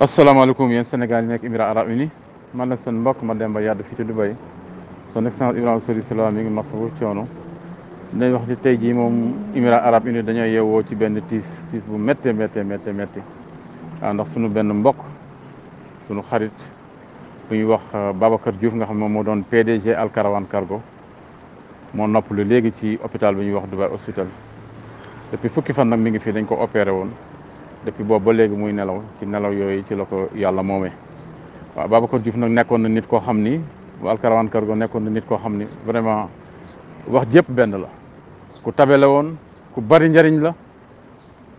asalaamaaleykum yéen Sénégal yi nekk Émirats arabes unis man la seen mbokk Mademba Yade fii ci Dubaï son excellence Ibrahima Soli Salaam mi ngi masawu coono dinañ wax ci tey jii moom Émirats arabes unis dañoo yeewoo ci benn tiis tiis bu mette méttee méttee méttee waaw ah, ndax suñu benn mbokk sunu xarit bu ñuy wax euh, Babacar Diouf nga xam moom moo doon PDG Alcarawan kargo moo noppalu léegi ci hôpital bi ñuy wax Dubaï Hospital depuis fukki fan nag mi ngi fii dañ ko opéré woon. depuis boobu ba léegi muy nelaw ci nelaw yooyu ci la ko yàlla moomee waaw Babacar Diouf nag nekkoon na nit koo xam ni Alkarawaan Cargo nekkoon na nit koo xam ni vraiment wax jépp benn la ku tabele woon ku bari njariñ la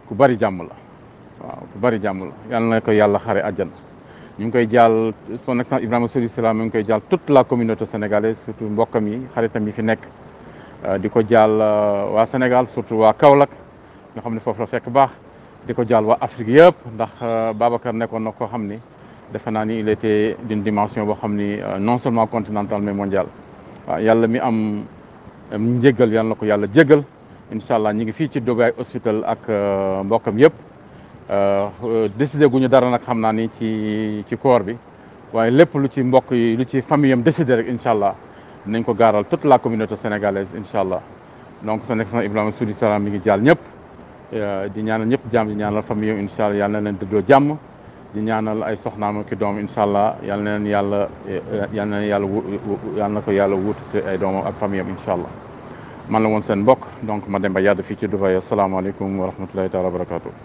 ku bari jàmm la waaw bari jàmm la yàlla na ko yàlla xare àjjana ñu ngi koy jaal son excellence Ibrahima Sory Silla mi ngi koy jaal toute la communauté sénégalaise surtout mbokkam yi xaritam yi fi nekk di ko jaal euh, waa Sénégal surtout waa kawlak nga xam ne foofu la fekk baax di ko jaal waa Afrique yëpp ndax euh, Babacar nekkoon na koo xam ni defe naa ni il était d'une dimension boo xam ni euh, non seulement continentale mais mondiale waaw yàlla mi am njéggal yàlla na ko yàlla jéggal incha allah ñu ngi fii ci Dubai hospital ak euh, mbokkam yëpp décidé gu dara nag xam naa ni ci ci corps bi waaye lépp lu ci mbokk yi lu ci famille am décidé rek incha nañ ko gaaral toute la communauté sénégalaise incha allah donc son excellence Ibrahima Soudi Salam mi ngi jaal ñëpp. Euh, di ñaanal ñëpp jàmm di ñaanal famille yàlla na leen dëddoo jàmm di ñaanal ay soxnaam ak doom incha allah yàlla na leen yàlla eh, yàlla na leen yàlla yàlla na ko yàlla wuutu si ay doomam ak famille am incha allah man la woon seen mbokk donc ma Mademba Yade fii ci Dubaï asalaamaaleykum wa rahmatulahi taala wa barakatu